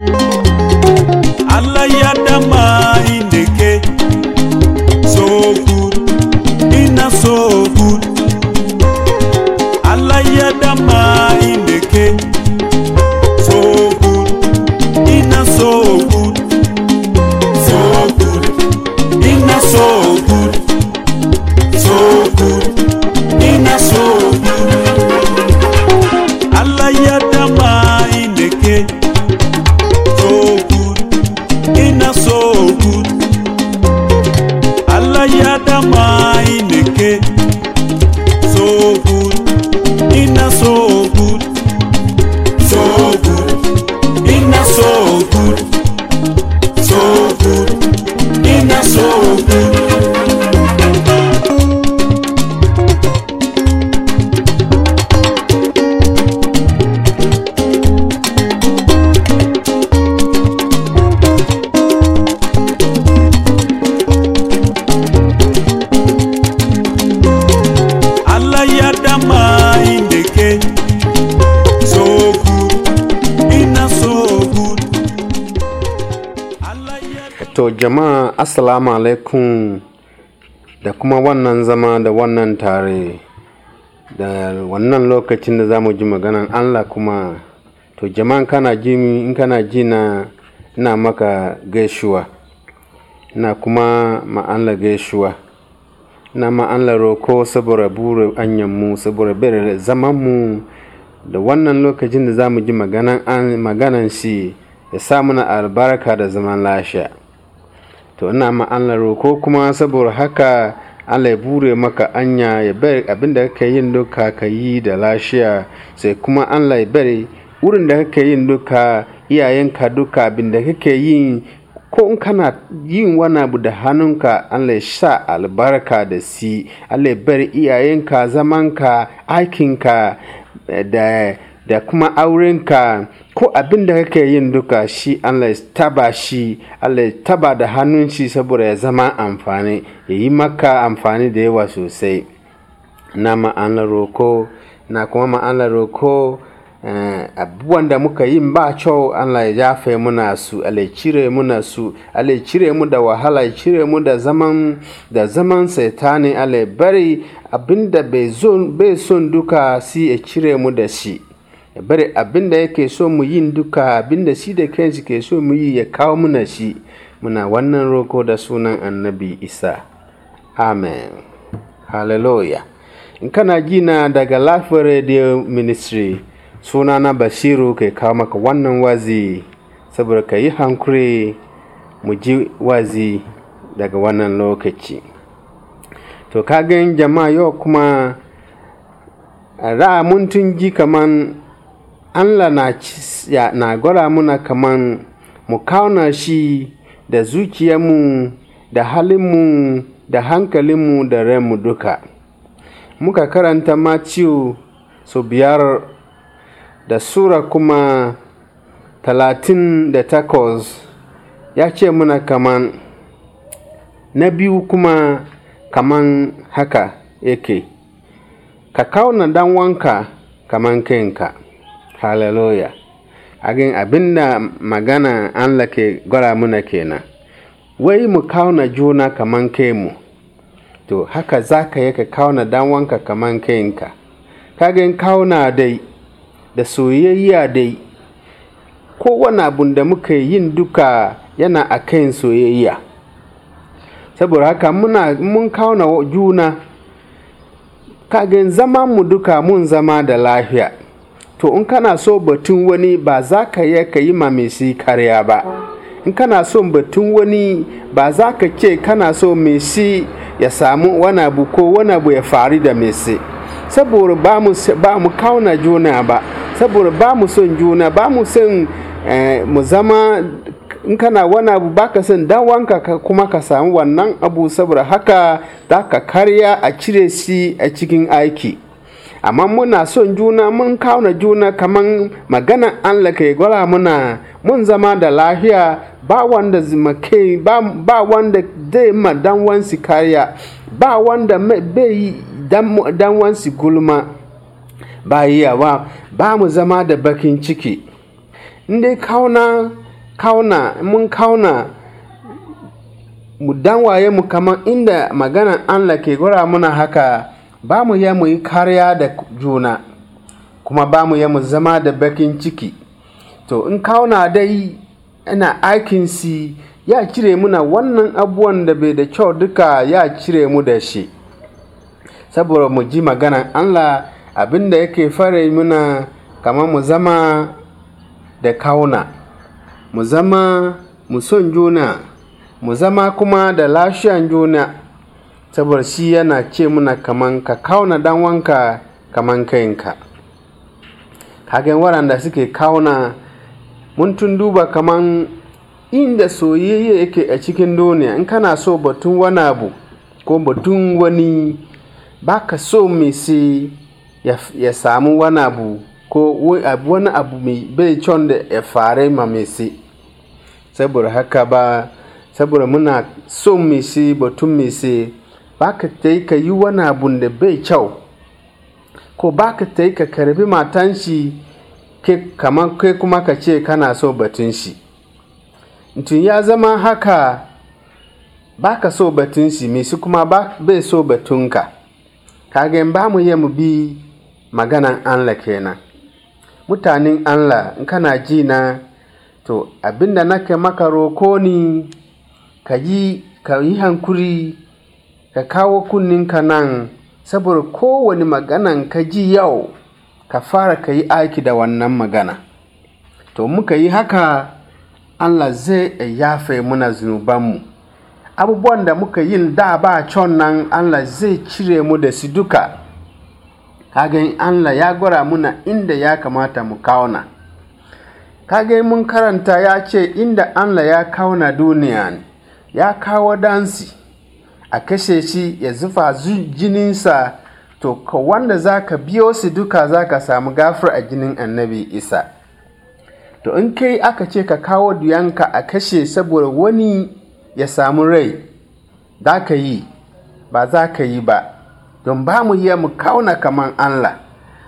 you jama'a assalamu alaikum da kuma wannan zama da wannan tare da wannan lokacin da zamu mu ji maganan allah kuma to jama'an kana ji in kana ji na ina maka gaishuwa ina kuma ma'anla gaishuwa ina ma'anla roko saboda bure mu saboda bere zamanmu da wannan lokacin da zamu mu ji maganan shi ya sa muna albarka da zaman lafiya. to ina ma ko kuma saboda haka Allah ya bure maka anya ya bari abin da kake yin duka ka yi da lashiya sai kuma Allah ya bari wurin da kake yin duka iyayenka duka abin da kake yin ko in kana yin wani abu da hannunka Allah ya sa albarka da si Allah ya bari iyayenka zamanka aikinka eh, da da kuma aurenka ko abin da kake yin duka shi Allah taba shi Allah taba da hannun shi saboda ya zama amfani ya yi maka amfani da yawa sosai na ma'anar roko na kuma ma'anar roko eh, abubuwan da muka yi ba kyau Allah ya jafe muna su Allah ya cire muna su Allah ya cire mu da wahala ya cire mu da zaman da zaman saitani Allah ya bari abinda bai son duka si ya cire mu da shi ya bari abin da yake so mu yin duka abin da shi da kanshi ke so mu yi ya kawo muna shi muna wannan roko da sunan annabi isa amen hallelujah in kana gina daga lafiyar radio ministry suna na bashiru ke kawo maka wannan wazi saboda ka yi hankuri mu ji wazi daga wannan lokaci to ka kagan jama'a yau kuma ra'a mun tun ji kaman Allah na, ya, na gwada muna kaman mu kauna shi da zuciyarmu da halinmu da hankalinmu da ranmu duka. Muka karanta Matthew su biyar da Sura kuma talatin da takwas ya ce muna kaman na biyu kuma kaman haka yake, ka kauna dan wanka kaman kanka. hallelujah agin abinda magana an lake gwara muna kenan wai mu kauna juna kaman kai mu to haka za ka yi ka kauna danwanka kaman kayinka kagin kauna dai da soyayya dai kowane abun da muka yin duka yana a kan soyayya saboda haka muna mun kauna juna kagin zama mu duka mun zama da lafiya to in kana so batun wani ba za ka yi ka yi mamesi karya ba in kana so batun wani ba za ka ce kana so mesi ya samu wani abu ko wani abu ya faru da mesi saboda ba mu kauna juna ba saboda ba mu son juna ba mu son eh, mu zama in kana wani abu baka son dan wanka kuma ka samu wannan abu saboda haka za ka karya a cire shi a cikin aiki amma muna son juna mun kauna juna kaman maganan Allah ke gwara muna mun zama da lafiya ba wanda zimake ba, wanda zai ma danwansi kariya ba wanda bai danwansi gulma ba yawa ba mu zama da bakin ciki inda kauna kauna mun kauna mu danwaye mu kaman inda maganan Allah ke gwara muna haka ba mu ya mu yi kariya da juna kuma ba mu mu zama da bakin ciki to in kauna dai ina aikin si ya cire muna wannan abuwan da bai da kyau duka ya cire mu da shi saboda mu ji maganan allah abinda yake fara muna kamar mu zama da kauna mu zama mu son juna mu zama kuma da lashiyan juna saboda shi yana ce muna kaman ka kauna dan wanka kaman kainka kagan waɗanda suke kauna mun tun duba kaman inda soyayya yake a cikin duniya in kana so batun wani abu ko batun wani baka so mai sai ya samu wani abu ko wani abu mai bai con da ya fare ma mai sai saboda haka ba saboda muna so mai sai batun mai sai ba ka yi ka yi wani abun da bai kyau ko ba ka yi ka karbi matan shi kamar kai kuma ka ce kana so batun shi tun ya zama haka ba ka so batun shi mai kuma bai so batunka kaga ba mu yi mu bi maganan Allah kenan mutanen Allah in kana ji na to abinda nake maka roko ni ka yi hankuri ka kawo ka nan saboda kowane maganan ka ji yau ka fara ka yi aiki da wannan magana to muka yi haka allah zai yafe muna zunubanmu abubuwan da muka yin da ba con nan allah zai cire mu da su duka kagan allah ya gwara muna inda ya kamata mu kauna kagai mun karanta ya ce inda allah ya kauna duniya ya kawo dansi a kashe shi ya zufa jininsa to ka wanda za ka biyo su duka za ka samu gafar a jinin annabi isa to in kai aka ce ka kawo duyanka a kashe saboda wani ya samu rai za ka yi ba za ka yi ba don ba mu yi mu kauna kaman allah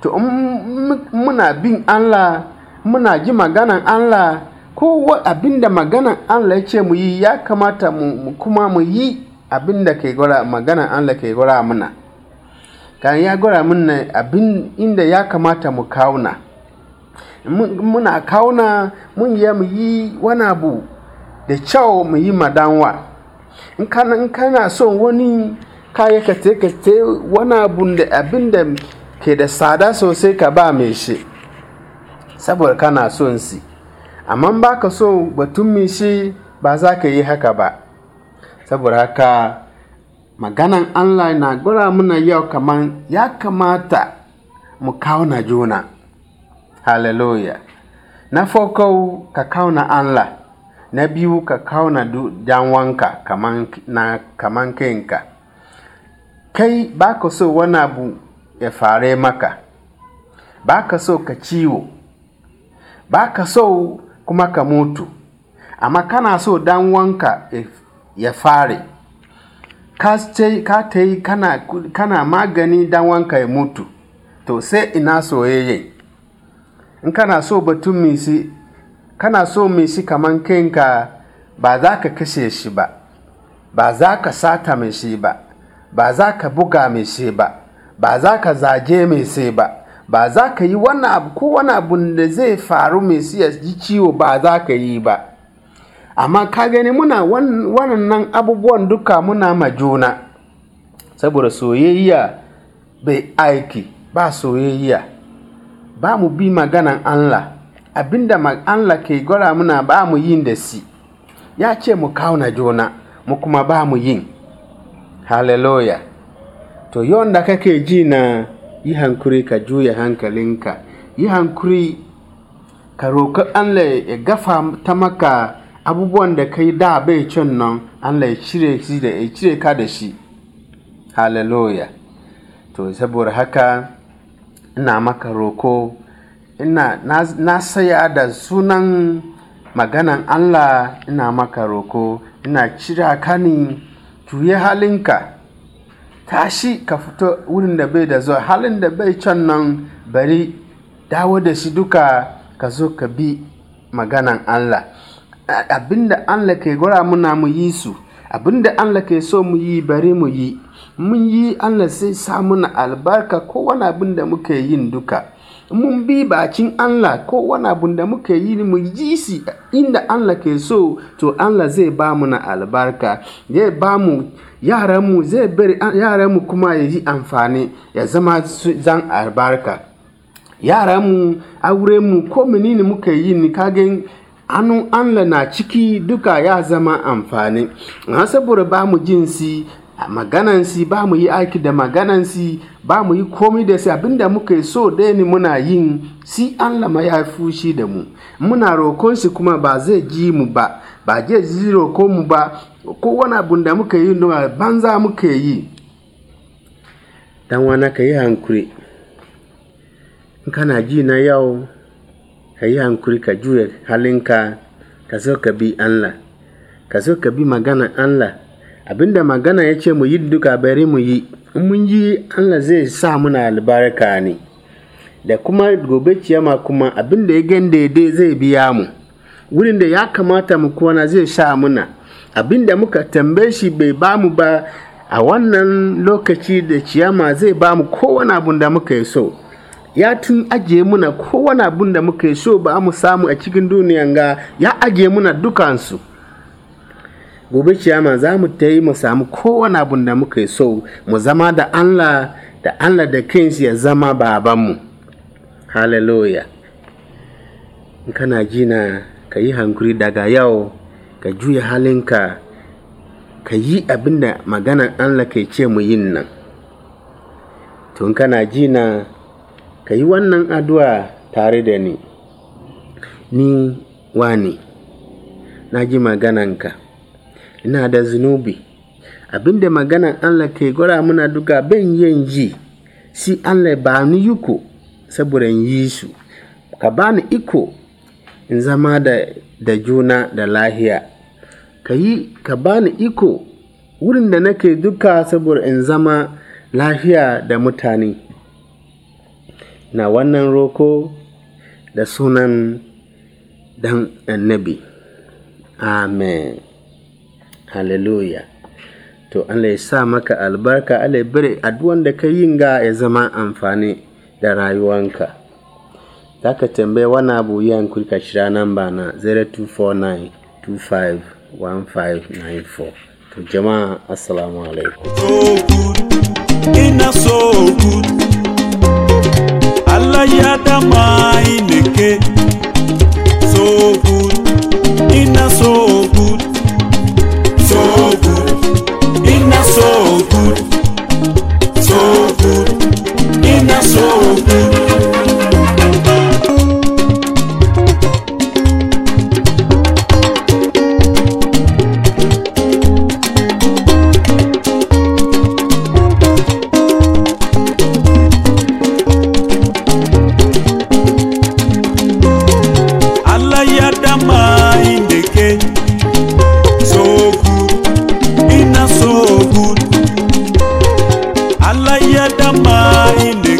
to in muna bin allah muna ji maganan allah ko abin maganan allah ya ce mu yi ya kamata mu kuma mu yi abin da ke gwara magana Allah ke gwara muna kan ya gwara muna abin inda ya kamata mu kawuna muna kawuna mun ya mu yi wani abu da kyau mu yi madanwa in kana in kana son wani ka ya ka te wani abu da abin da ke da tsada sosai ka ba mai shi saboda kana son si amma ba ka so batun mai shi ba za ka yi haka ba saboda haka maganan allah na gura muna yau kaman ya kamata mu kauna juna hallelujah na farko ka kauna allah na biyu ka kauna janwanka kaman, na kaman kanka kai ba ka so wani abu ya fare maka ba ka so ka ciwo ba ka so kuma ka mutu amma kana so dan wanka ya fare ka ta yi kana, kana magani dan wanka ya mutu to sai ina soyayye in kana so batun misi kana so misi kamar kanka ba za ka kashe shi ba ba za ka sata mai shi ba ba za ka buga mai shi ba ba za ka zage mai sai ba ba za ka yi wani abu ko wani abu da zai faru mai ya ji ciwo ba za ka yi ba amma ka gani muna wannan abubuwan duka muna ma juna saboda soyayya bai aiki ba soyayya ba mu bi maganan Allah abinda Allah ke gwara muna ba mu yin da si ya ce mu kauna juna mu kuma ba mu yin hallelujah to yawan da kake ji na yi hankuri ka juya hankalinka yi hankuri ka roƙi Allah ya gafa ta maka abubuwan da kai da bai cin nan Allah ya cire shi da ya cire ka da shi hallelujah to saboda haka ina maka roko ina na saya da sunan maganan Allah ina maka roko ina cira ka ne tuye halinka tashi ka fito wurin da bai da zuwa halin da bai can nan bari dawo da shi duka ka zo ka bi maganan Allah da Allah ke gwara muna mu yi su abinda Allah ke so mu yi bari mu yi mun yi Allah sai sa muna albarka wani abin da muke yin duka mun bi bacin Allah wani abin da muke yi mu yi shi inda Allah ke so to Allah zai ba mu na albarka zai ba mu yaranmu zai bari yaranmu kuma ya yi amfani ya zama zan albarka yaranmu aurenmu ko menene muke yi ni kagen hannun Allah na ciki duka ya zama amfani saboda ba mu jinsi maganansi ba mu yi aiki da maganansi ba mu yi komai da abinda muka so dai ne muna yin si Allah ma ya fushi da mu muna rokon shi kuma ba zai ji mu ba ba zai ji rokon mu ba ko wani abin da muka yi banza muka yi dan wani ka yi hankuri kana ji na yau ka yi hankuri ka juya halinka ka zo ka bi Allah ka zo ka bi magana Allah abinda magana ya ce mu yi duka bari mu yi in mun yi Allah zai sa muna albarka ne da kuma gobe ciyama kuma abinda ya gan daidai zai biya mu wurin da ya kamata mu kona zai sha muna abinda muka tambaye shi bai ba mu ba a wannan lokaci da ciyama zai ba mu kowane abin da muka yi so ya tun ajiye muna kowane abin da muka yi so ba mu samu a cikin duniyan ga ya ajiye muna dukansu gobe ciyama za mu ta yi mu samu kowane abin da muka yi so mu zama da allah da allah da kansu ya zama babanmu hallelujah in kana jina ka yi hankuri daga yau ka juya halinka ka yi abinda da maganan allah ke ce mu yin nan tun kana jina ka yi wannan addu'a tare da ni ni wani na ji magananka ina da zunubi abinda maganan Allah ke gwara muna duka ben yin ji si Allah ba ni yuko saboda yi su ka ba ni iko in zama da, juna da lahiya ka yi ka ba ni iko wurin da nake duka saboda in zama lafiya da mutane na wannan roko da sunan dan annabi amen hallelujah to Allah ya sa maka albarka Allah ya bari addu'an da ka yin ga ya zama amfani da rayuwanka za ka tambaye wani abu yi hankuli ka shira ba na 0249251594 to jama'a assalamu alaikum ya dama ineke so good ina so good so good ina so good so good ina so good binadamu ini